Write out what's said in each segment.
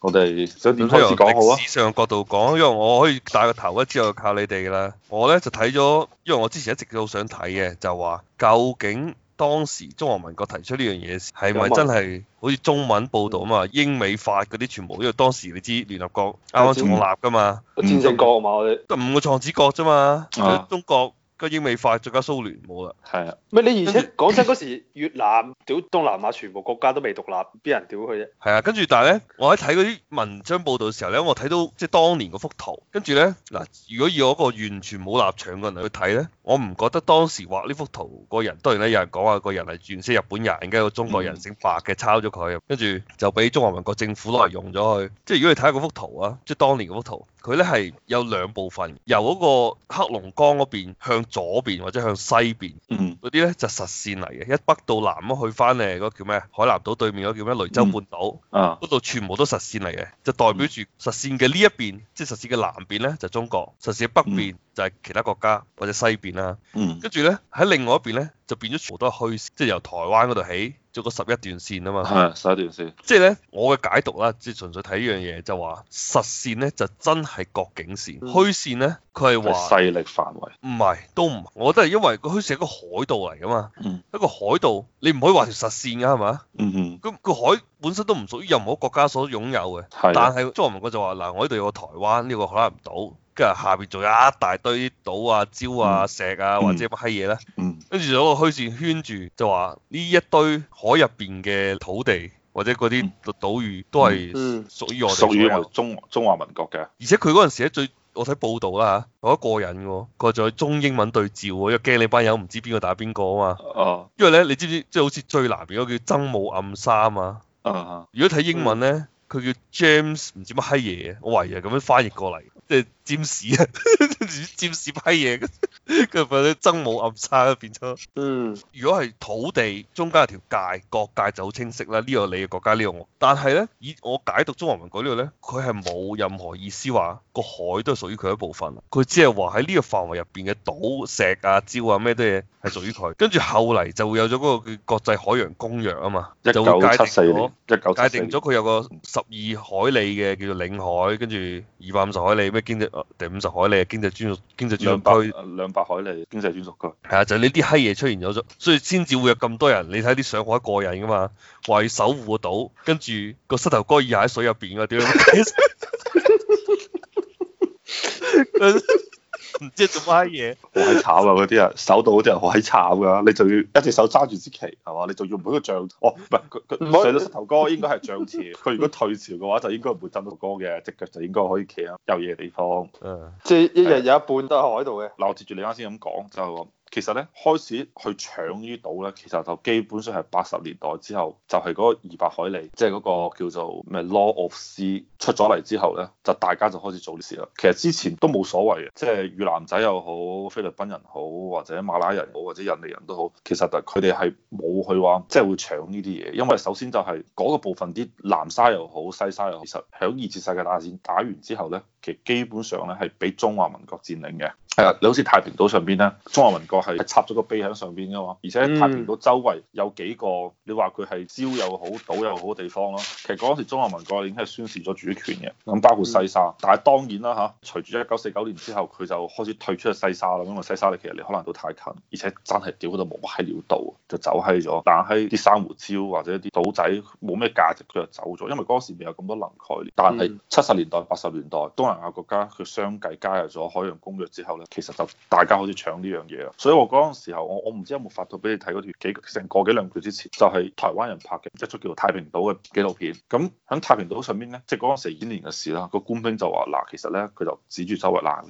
我哋想點開始講好啊？上角度講，因為我可以帶個頭，之後就靠你哋啦。我咧就睇咗，因為我之前一直都好想睇嘅，就話究竟當時中華民國提出呢樣嘢，係咪真係好似中文報道啊嘛？麼英美法嗰啲全部，因為當時你知聯合國啱啱成立噶嘛，戰勝國啊嘛，我哋得五個創始國啫嘛，中國、啊。個英美法再加蘇聯冇啦，係啊，乜你而且講真嗰時越南屌東南亞全部國家都未獨立，邊人屌佢啫？係啊，跟住但係咧，我喺睇嗰啲文章報道嘅時候咧，我睇到即係當年嗰幅圖，跟住咧，嗱，如果以嗰個完全冇立場嘅人嚟去睇咧，我唔覺得當時畫呢幅圖個人，當然咧有人講話個人係鑽先日本人，跟住中國人姓白嘅抄咗佢，嗯、跟住就俾中華民國政府攞嚟用咗佢。即係如果你睇下嗰幅圖啊，即係當年嗰幅圖，佢咧係有兩部分，由嗰個黑龍江嗰邊向左邊或者向西邊嗰啲咧就、實線嚟嘅，一北到南咁去翻咧、嗰個叫咩？海南島對面、嗰個叫咩？雷州半島，嗰度、嗯啊、全部都實線嚟嘅，就代表住實線嘅呢一邊，嗯、即係實線嘅南邊咧就、中國實線嘅北邊，就係其他國家、嗯、或者西邊啦、啊。跟住咧喺另外一邊咧。就變咗全部都係虛線，即係由台灣嗰度起做個十一段線啊嘛。係十一段線。即係咧，我嘅解讀啦，即係純粹睇呢樣嘢就話實線咧就真係國境線，嗯、虛線咧佢係話勢力範圍。唔係，都唔，我都係因為個虛線係一個海道嚟噶嘛。嗯、一個海道，你唔可以話條實線噶係嘛？嗯哼。咁個海本身都唔屬於任何國家所擁有嘅。係。但係中華民國就話嗱、呃，我呢度有個台灣呢個海南島。跟住下邊仲有一大堆啲島啊、礁啊、石啊或者乜閪嘢咧，跟住就攞個虛線圈住，就話呢一堆海入邊嘅土地或者嗰啲島嶼都係屬於我哋中中華民國嘅。而且佢嗰陣時咧最我睇報道啦吓，好過癮喎，佢仲有中英文對照，因為驚你班友唔知邊個打邊個啊嘛。啊啊因為咧，你知唔知即係好似最南邊嗰叫曾母暗沙嘛啊？啊啊！如果睇英文咧，佢、嗯、叫 James 唔知乜閪嘢，我懷疑係咁樣翻譯過嚟，即、就、係、是。占士啊，占士批嘢，佢份啲曾母暗沙都、啊、變咗。嗯。如果係土地中間有條界各界就好清晰啦，呢個你嘅國家，呢個我。但係咧，以我解讀《中華民國》呢度咧，佢係冇任何意思話個海都係屬於佢一部分。佢只係話喺呢個範圍入邊嘅島石啊、礁啊咩都嘢係屬於佢。跟住後嚟就會有咗嗰個叫國際海洋公約啊嘛，就會界定咗，界定咗佢有個十二海里嘅叫做領海，跟住二百五十海里咩經濟。第五十海里經濟專屬經濟專兩百,兩百海里經濟專屬區。係啊，就係呢啲閪嘢出現咗咗，所以先至會有咁多人。你睇啲上海過癮噶嘛？為守護個島，跟住個膝頭哥又喺水入邊噶，點樣唔 知做乜嘢，好閪慘啊！嗰啲人手度，嗰啲人好閪慘噶，你就要一隻手揸住支旗，係嘛？你仲要每好個象，哦唔係，上到膝頭哥應該係漲潮，佢 如果退潮嘅話就應該唔會浸到哥嘅，隻腳就應該可以企喺有嘢嘅地方，嗯 的，即係一日有一半都係海度嘅。嗱， 我接住你啱先咁講就。其實咧，開始去搶呢啲島咧，其實就基本上係八十年代之後，就係嗰個二百海里，即係嗰個叫做咩 Law of Sea 出咗嚟之後咧，就大家就開始做啲事啦。其實之前都冇所謂嘅，即係越南仔又好，菲律賓人好，或者馬拉人好，或者印尼人都好，其實就佢哋係冇去話即係會搶呢啲嘢，因為首先就係嗰個部分啲南沙又好、西沙又好，其實喺二次世界大戰打完之後咧，其實基本上咧係俾中華民國佔領嘅。係啊，你好似太平島上邊咧，中華民國係插咗個碑喺上邊噶嘛，而且太平島周圍有幾個，嗯、你話佢係礁又好，島又好嘅地方咯。其實嗰時中華民國已經係宣示咗主權嘅，咁包括西沙，嗯、但係當然啦嚇、啊，隨住一九四九年之後，佢就開始退出咗西沙啦。因為西沙其實離可能都太近，而且真係屌佢都冇乜料到就走閪咗。但係啲珊瑚礁或者啲島仔冇咩價值，佢就走咗，因為嗰時未有咁多能概念。但係七十年代八十年代，東南亞國家佢相繼加入咗海洋公約之後咧。其實就大家好似搶呢樣嘢啊，所以我嗰陣時候，我我唔知有冇發到俾你睇嗰條幾成個幾兩條之前，就係台灣人拍嘅一出叫做《太平島》嘅紀錄片。咁喺太平島上面咧，即係嗰陣成幾年嘅事啦。個官兵就話：嗱，其實咧，佢就指住周圍嗱，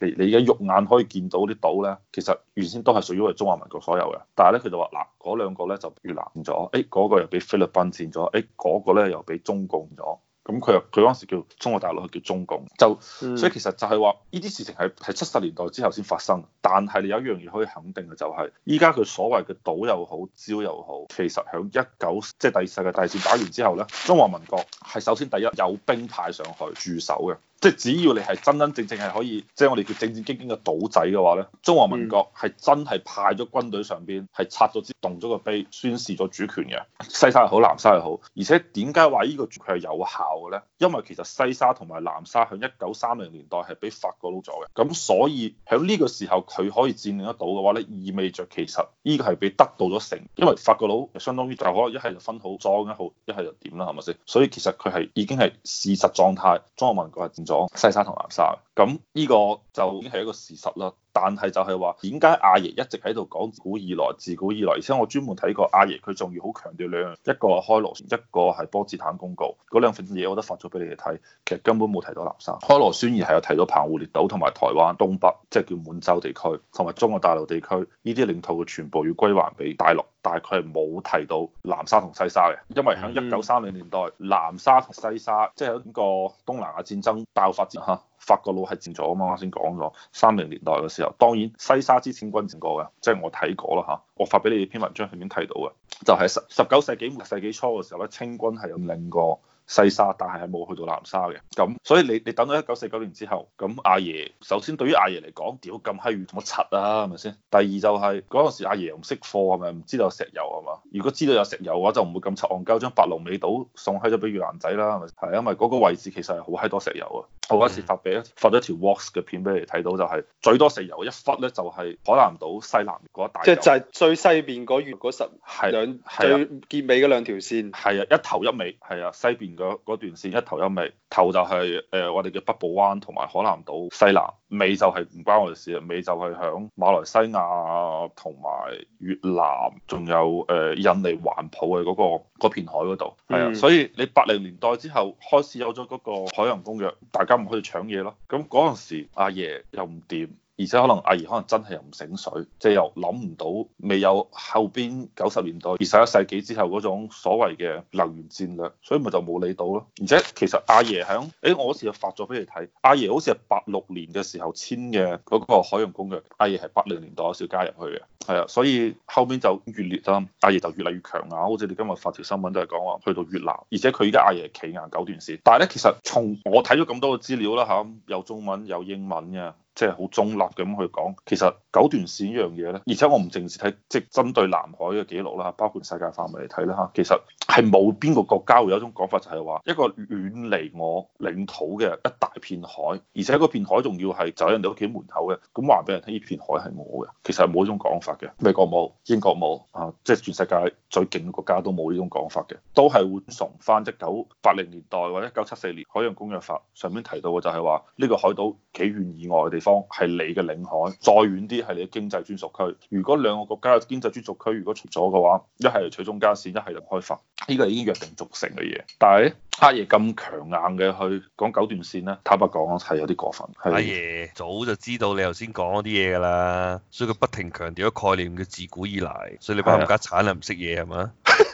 你你你而家肉眼可以見到啲島咧，其實原先都係屬於我哋中華民國所有嘅。但係咧，佢就話：嗱，嗰兩個咧就越南咗，誒，嗰個又俾菲律賓佔咗，誒，嗰個咧又俾中共咗。咁佢又佢嗰陣時叫中國大陸叫中共，就所以其實就係話呢啲事情係，係七十年代之後先發生，但係你有一樣嘢可以肯定嘅就係、是，依家佢所謂嘅島又好，礁又好，其實響一九即係第二次世界大戰打完之後咧，中華民國係首先第一有兵派上去駐守嘅。即係只要你係真真正正係可以，即係我哋叫正正經經嘅島仔嘅話咧，中華民國係真係派咗軍隊上邊係拆咗支、動咗個碑，宣示咗主權嘅。西沙又好，南沙又好，而且點解話呢個主權係有效嘅咧？因為其實西沙同埋南沙響一九三零年代係俾法國佬咗嘅，咁所以響呢個時候佢可以佔領得到嘅話咧，意味著其實呢個係俾得到咗成，因為法國佬相當於就可能一係就分好左咁好，一係就點啦，係咪先？所以其實佢係已經係事實狀態，中華民國係。西沙同南沙。咁呢個就已經係一個事實啦。但係就係話，點解阿爺一直喺度講自古以來，自古以來，而且我專門睇過阿爺，佢仲要好強調兩樣：一個係開羅宣言，一個係波茨坦公告嗰兩份嘢。我都發咗俾你哋睇，其實根本冇提到南沙。開羅宣言係有提到澎湖列島同埋台灣東北，即係叫滿洲地區同埋中國大陸地區呢啲領土嘅全部要歸還俾大陸，但係佢係冇提到南沙同西沙嘅，因為喺一九三零年代，南沙同西沙即係一個東南亞戰爭爆發之後。法國佬係戰咗啊嘛。啱先講咗，三零年代嘅時候，當然西沙之前軍戰過嘅，即係我睇過啦嚇。我發俾你篇文章裏面睇到嘅，就係、是、十十九世紀末世紀初嘅時候咧，清軍係有領過西沙，但係係冇去到南沙嘅。咁所以你你等到一九四九年之後，咁阿爺首先對於阿爺嚟講，屌咁閪遠，做乜柒啊？係咪先？第二就係嗰陣時阿爺唔識貨，係咪唔知道有石油係嘛？如果知道有石油嘅話，就唔會咁柒戇鳩，將白龍尾島送喺咗俾越南仔啦，係咪？係因為嗰個位置其實係好閪多石油啊！我一時發俾發咗條 walks 嘅片俾你睇到，就係最多石油，一忽咧就係海南島西南嗰一帶，即係就係最西邊嗰月嗰十，係兩、啊啊、最結尾嗰兩條線，係啊，一頭一尾，係啊，西邊嗰段線一頭一尾，頭就係、是、誒、呃、我哋嘅北部灣同埋海南島西南。美就係唔關我哋事啊，美就係響馬來西亞同埋越南，仲有誒印尼環抱嘅嗰個片海嗰度，係啊，嗯、所以你八零年代之後開始有咗嗰個海洋公約，大家唔可以搶嘢咯，咁嗰陣時阿爺、啊 yeah，又唔掂。而且可能阿爺可能真係又唔醒水，即係又諗唔到未有後邊九十年代二十一世紀之後嗰種所謂嘅能源戰略，所以咪就冇理到咯。而且其實阿爺響誒、欸、我嗰時又發咗俾你睇，阿爺好似係八六年嘅時候簽嘅嗰個海洋公約，阿爺係八零年代嗰時加入去嘅，係啊，所以後面就越嚟啊，阿爺就越嚟越強硬，好似你今日發條新聞都係講話去到越南，而且佢而家阿爺企硬九段線，但係咧其實從我睇咗咁多嘅資料啦嚇，有中文有英文嘅。即係好中立咁去講，其實九段線呢樣嘢呢。而且我唔淨係睇即係針對南海嘅紀錄啦，包括世界範圍嚟睇啦。嚇，其實係冇邊個國家會有一種講法就，就係話一個遠離我領土嘅一大片海，而且嗰片海仲要係走喺人哋屋企門口嘅，咁話俾人聽呢片海係我嘅，其實冇一種講法嘅。美國冇，英國冇，啊，即係全世界最勁嘅國家都冇呢種講法嘅，都係會從翻即係一九八零年代或者一九七四年海洋公約法上面提到嘅，就係話呢個海島幾遠以外嘅地方。係你嘅領海，再遠啲係你嘅經濟專屬區。如果兩個國家嘅經濟專屬區如果除咗嘅話，一係取中間線，一係就開發，呢個已經約定俗成嘅嘢。但係阿爺咁強硬嘅去講九段線咧，坦白講係有啲過分。阿爺早就知道你頭先講嗰啲嘢噶啦，所以佢不停強調個概念叫自古以來，所以你把冚家鏟啦，唔識嘢係嘛。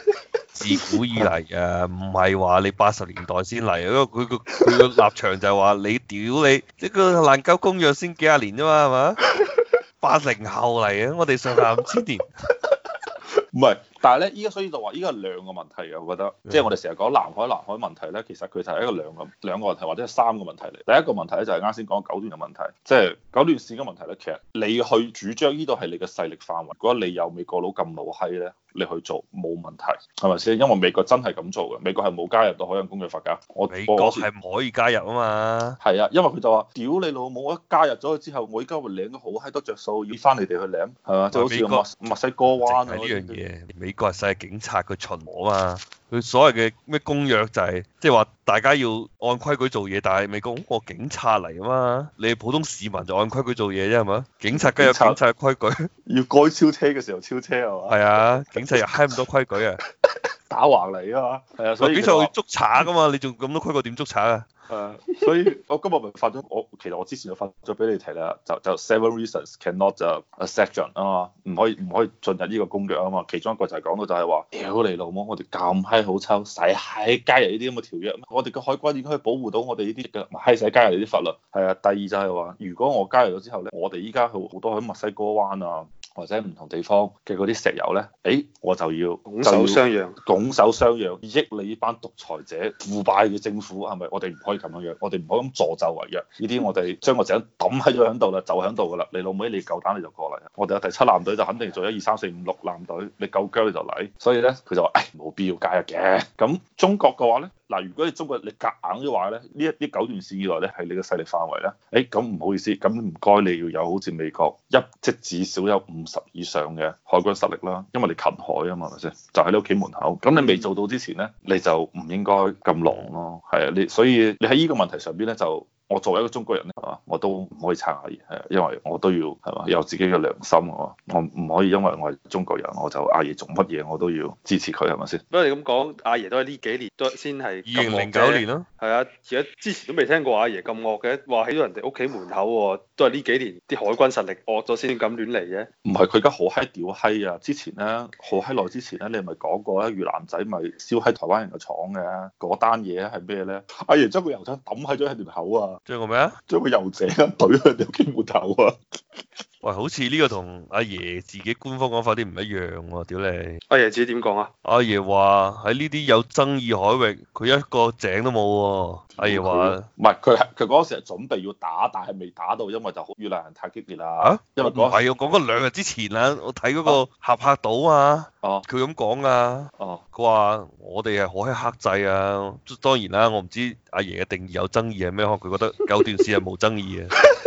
自古以嚟啊，唔係話你八十年代先嚟，因為佢個佢個立場就係話你屌你，呢、這個蘭桂公約先幾十年啫嘛，係嘛？八零後嚟嘅，我哋上下唔知點。唔係，但係咧依家所以就話依家兩個問題，我覺得，即係是的 我哋成日講南海南海問題咧，其實佢就係一個兩個兩個問題，或者係三個問題嚟。第一個問題咧就係啱先講九段嘅問題，即、就、係、是、九段線嘅問題咧，其實你去主張呢度係你嘅勢力範圍，覺得你又未過到咁老閪咧。你去做冇問題，係咪先？因為美國真係咁做嘅，美國係冇加入到海洋公約法嘅。我美國係唔可以加入啊嘛。係啊，因為佢就話：屌你老母啊！加入咗之後，我而家會領到好閪多著數，要翻嚟哋去領，係嘛？喂就好似個墨西哥灣啊呢樣嘢。美國係世界警察，佢巡邏啊嘛。佢所謂嘅咩公約就係、是，即係話大家要按規矩做嘢，但係美國個警察嚟啊嘛，你普通市民就按規矩做嘢啫係嘛，警察梗有警察嘅規矩，要該超車嘅時候超車係嘛？係啊，警察又閪唔多規矩啊！ 打橫嚟啊嘛，係啊，所以比賽要捉賊噶嘛，你仲咁多規格點捉賊啊？係， 所以我今日咪發咗，我其實我之前就發咗俾你睇啦，就就 seven reasons cannot 就 accession 啊嘛，唔可以唔可以進入呢個公約啊嘛，其中一個就係講到就係話，屌你老母，我哋咁閪好抽，使閪加入呢啲咁嘅條約，我哋嘅海軍已經可以保護到我哋呢啲嘅閪使加入呢啲法律，係啊。第二就係、是、話，如果我加入咗之後咧，我哋依家好好多喺墨西哥灣啊。或者唔同地方嘅嗰啲石油咧，誒、哎、我就要，就要拱手相讓，拱手相讓，益你呢班獨裁者腐敗嘅政府係咪？我哋唔可以咁樣樣，我哋唔可以咁助紂為虐。呢啲我哋將個石墩抌喺咗喺度啦，就喺度噶啦。你老妹你夠膽你就過嚟，我哋有第七艦隊就肯定做一二三四五六艦隊，你夠薑你就嚟。所以咧，佢就話誒冇必要介入嘅。咁中國嘅話咧？嗱，如果你中國你夾硬嘅話咧，呢一啲九段線以來咧，係你嘅勢力範圍咧，誒咁唔好意思，咁唔該你要有好似美國一隻至少有五十以上嘅海軍實力啦，因為你近海啊嘛，係咪先？就喺你屋企門口，咁你未做到之前咧，你就唔應該咁狼咯，係啊，你所以你喺呢個問題上邊咧就。我作為一個中國人係嘛，我都唔可以撐阿爺，係因為我都要係嘛，有自己嘅良心啊，我唔可以因為我係中國人，我就阿爺做乜嘢我都要支持佢，係咪先？不過你咁講，阿爺都係呢幾年都係先係二零零九年咯，係啊，而家之前都未聽過阿爺咁惡嘅，話喺到人哋屋企門口啊。都係呢幾年啲海軍實力惡咗先敢亂嚟嘅，唔係佢而家好閪屌閪啊！之前咧，好閪耐之前咧，你咪講過咧，越南仔咪燒喺台灣人個廠嘅。嗰單嘢咧係咩咧？阿爺將個油桶抌喺咗喺條口啊！將個咩啊？將個油井懟佢條肩門頭啊！ 喂，好似呢個同阿爺自己官方講法啲唔一樣喎。啊，屌你！阿爺自己點講啊？阿爺話喺呢啲有爭議海域，佢一個井都冇。啊。阿爺話唔係，佢佢嗰時係準備要打，但係未打到，因為就好越南人太激烈啦。啊？因為嗰係我講兩日之前啦，啊，我睇嗰個合拍島啊，佢咁講啊，佢話、啊啊、我哋係可以克制啊，當然啦，我唔知阿爺嘅定義有爭議係咩，佢覺得九段綫係冇爭議嘅。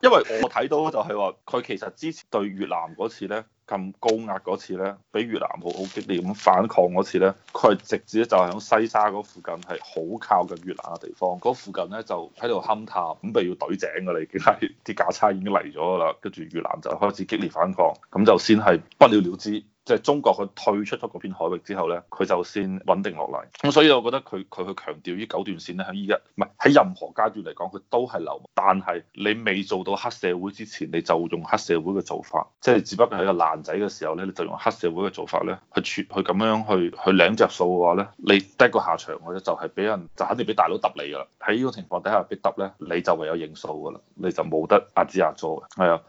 因為我睇到就係話，佢其實之前對越南嗰次咧，咁高壓嗰次咧，畀越南好好激烈咁反抗嗰次咧，佢係直接咧就響西沙嗰附近係好靠近越南嘅地方，嗰附近咧就喺度勘探，咁就要懟井㗎啦，已經係啲架車已經嚟咗啦，跟住越南就開始激烈反抗，咁就先係不了了之。即係中國佢退出咗嗰片海域之後咧，佢就先穩定落嚟。咁所以我覺得佢佢去強調呢九段線咧，喺依家唔係喺任何階段嚟講，佢都係流。但係你未做到黑社會之前，你就用黑社會嘅做法，即係只不過係個爛仔嘅時候咧，你就用黑社會嘅做法咧，去去咁樣去去領著數嘅話咧，你得個下場嘅咧就係俾人就肯定俾大佬揼你㗎啦。喺呢個情況底下俾揼咧，你就唯有認數㗎啦，你就冇得壓支壓助嘅。係啊。